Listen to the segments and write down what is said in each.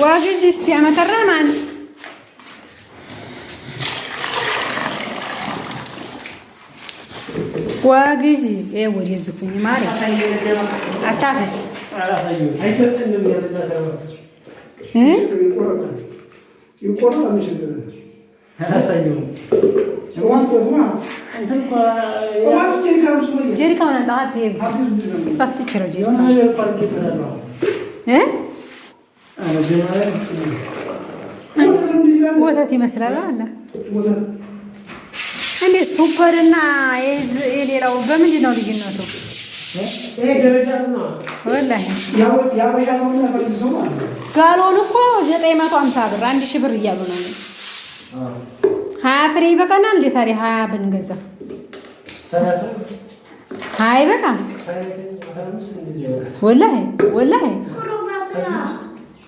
ዋግጅ እስቲ አመተራማን ዋግጅ ወደዝኩኝ ማሪ አታፍስ ጀሪካውን አንጣ ጀሪካ ወተት ይመስላል አለ። እንዴት ሱፐር እና የሌላው በምንድን ነው ልዩነቱ? ጋሎን እኮ ዘጠኝ መቶ ሀምሳ ብር አንድ ሺህ ብር እያሉ ነው። ሀያ ፍሬ ይበቃናል። እንዴት ታዲያ ሀያ ብንገዛ አይበቃም? ወላሂ ወላሂ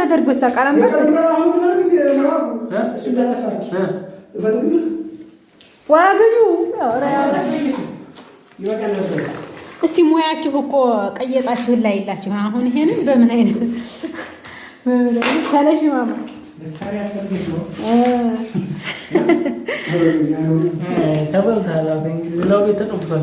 ተደርጎ ይሳቃራል። ዋግዱ እስቲ ሙያችሁ እኮ ቀየጣችሁን ላይ የላችሁ። አሁን ይሄንን በምን አይነት ከለሽ ማማ ተበልታላ ሌላው ቤት ተጠብቷል።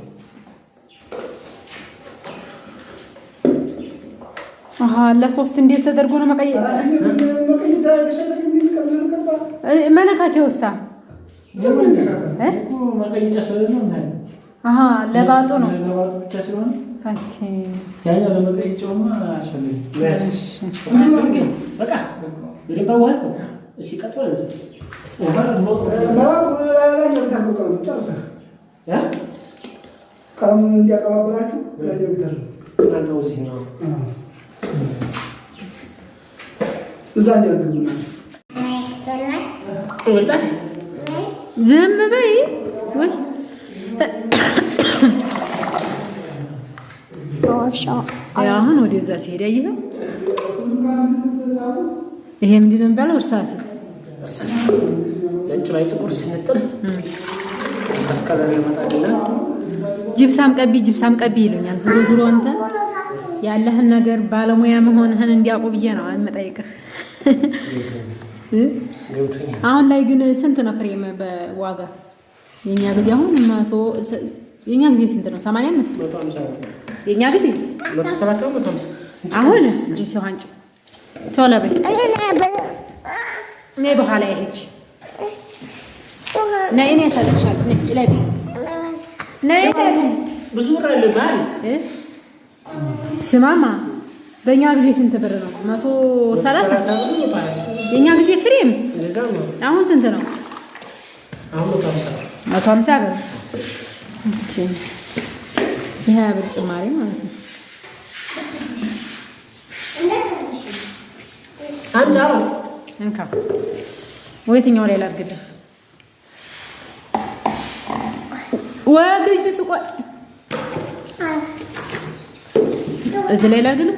ለሶስት እንዴት ተደርጎ ነው መቀየር? መነካቴ ውሳ ለባጡ ነው። እንዲያቀባበላችሁ ነው እዛ ዝም በይ አሁን ወደዛ ሲሄድ ያየህ ይሄ ምንድን ነው የሚባለው? እርሳስ ነጭ ላይ ጥቁር ሲነጥል እርሳስ ከለር ጅብሳም ቀቢ ጅብሳም ቀቢ ይሉኛል። ዝሮ ዝሮ እንትን ያለህን ነገር ባለሙያ መሆንህን እንዲያውቁ ብዬ ነው አልመጠይቅህ አሁን ላይ ግን ስንት ነው ፍሬም በዋጋ? የኛ ጊዜ አሁን መቶ የኛ ጊዜ ስንት ነው? ሰማንያ አምስት የኛ ጊዜ አሁን አንቺ አንቺ ቶሎ በይ ነይ በኋላ ይሄች ነይ እኔ እሰጥሻለሁ ነይ ነይ ነይ ብዙ ማል ስማማ በእኛ ጊዜ ስንት ብር ነው? መቶ ሰላሳ የእኛ ጊዜ ፍሬም አሁን ስንት ነው? መቶ ሀምሳ ብር የሀያ ብር ጭማሪ ማለት ነው። እንካ ወየትኛው ላይ ላድግልህ? ወግጅ ሱቆ እዚህ ላይ ላድግልህ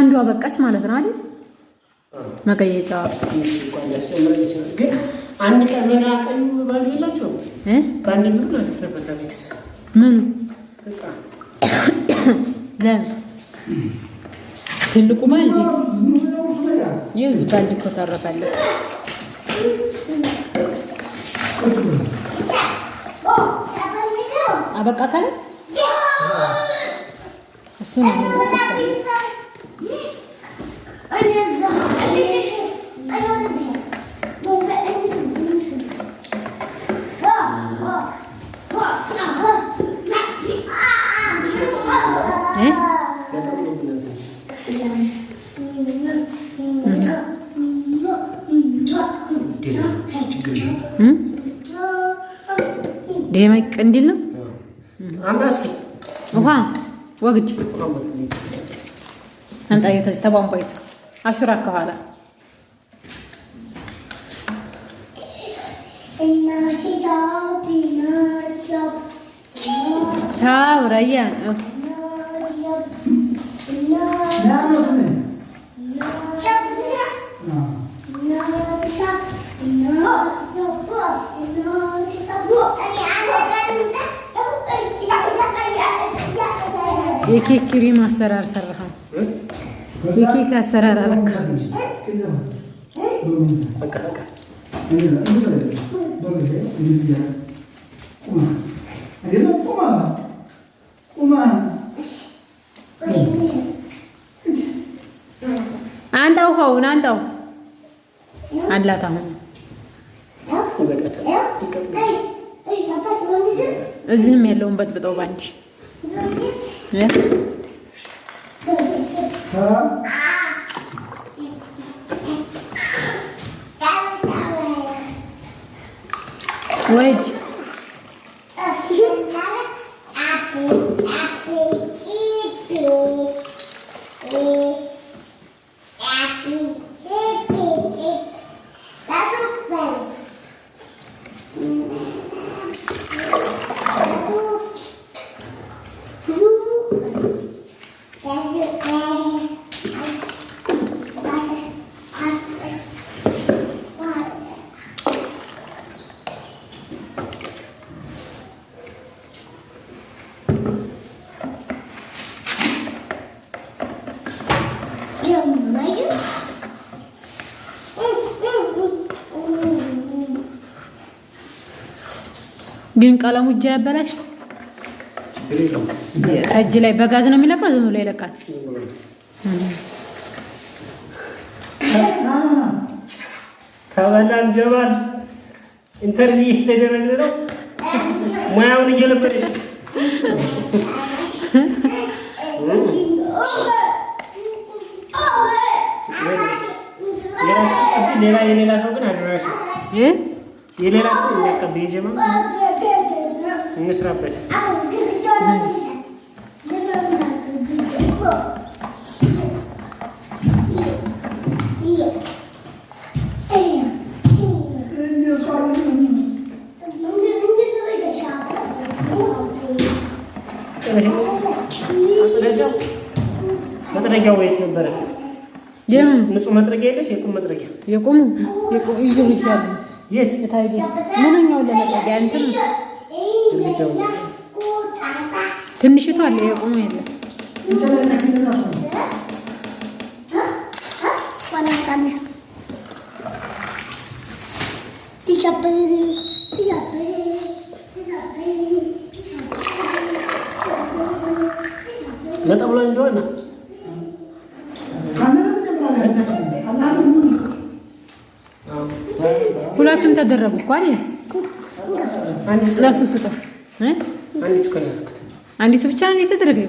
አንዷ በቃች ማለት ነው አይደል? መቀየጫ አንድ ቀን ምን አቀኝ ባል የላቸውም ባንድ ምን ማለት ነው በታክስ ምን ለምን ትልቁ ባልዲ ይዝ ባልዲ እኮ ታረቃለህ። አበቃ ካለ እሱ ነው ደመቅ እንዲል ነው። ውሃ ወግድ አምጣ ከዚህ ተቧንቧይት አሹራ ከኋላ Ciao, Ryan. एक एक क्रीम असर असर रहा एक एक असर रखा ወገቤ እንደዚህ ያለ ቁማ አይደለም ቁማ ቁማ አንተ ውሃውን አንተው አላት አሁን እዚህም ያለውን በጥብጠው ባንዲ Noite. ግን ቀለሙ እጃ ያበላሽ እጅ ላይ በጋዝ ነው የሚለቀው። ዝም ብሎ ይለቃል። ተበላን ጀባል ኢንተርቪው የተደረገ ነው። ሙያውን እየለበደች ሌላ የሌላ ሰው ግን አድራሽ የሌላ ሰው እንዳቀብ የጀመ እንስራበት። መጥረጊያው የት ነበረ። ንጹህ መጥረጊያ የለሽ? የቁም መጥረጊያ የቁም የቁም ይዤ ሄጃለሁ የት እታዬ ምንኛውን ለመጠጊያ እንትን ትንሽቷ አለ የቆመ የለም። ለጠብሎ እንደሆነ ተደረጉ እኮ አይደል? ለሱ ስጠው። አንዲቱ ብቻ ነው የተደረገው።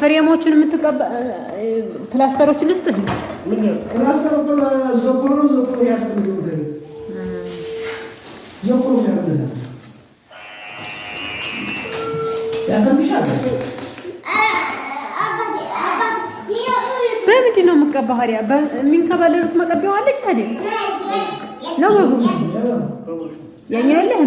ፍሬሞቹን የምትቀባ ፕላስተሮቹን ልስጥ በምንድን ነው የምቀባ? ሀሪያ የሚንከባለሉት መቀቢያው አለች አይደል? ነው በጉጉስ ያኛው የለህም።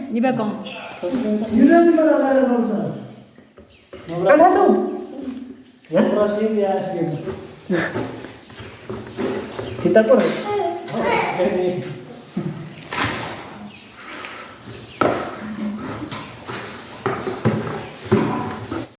Nie mehr kommen. Yunan ba talaga ron sa? Ano to? Yan? Brasil ya asking. Sita ko rin. Okay.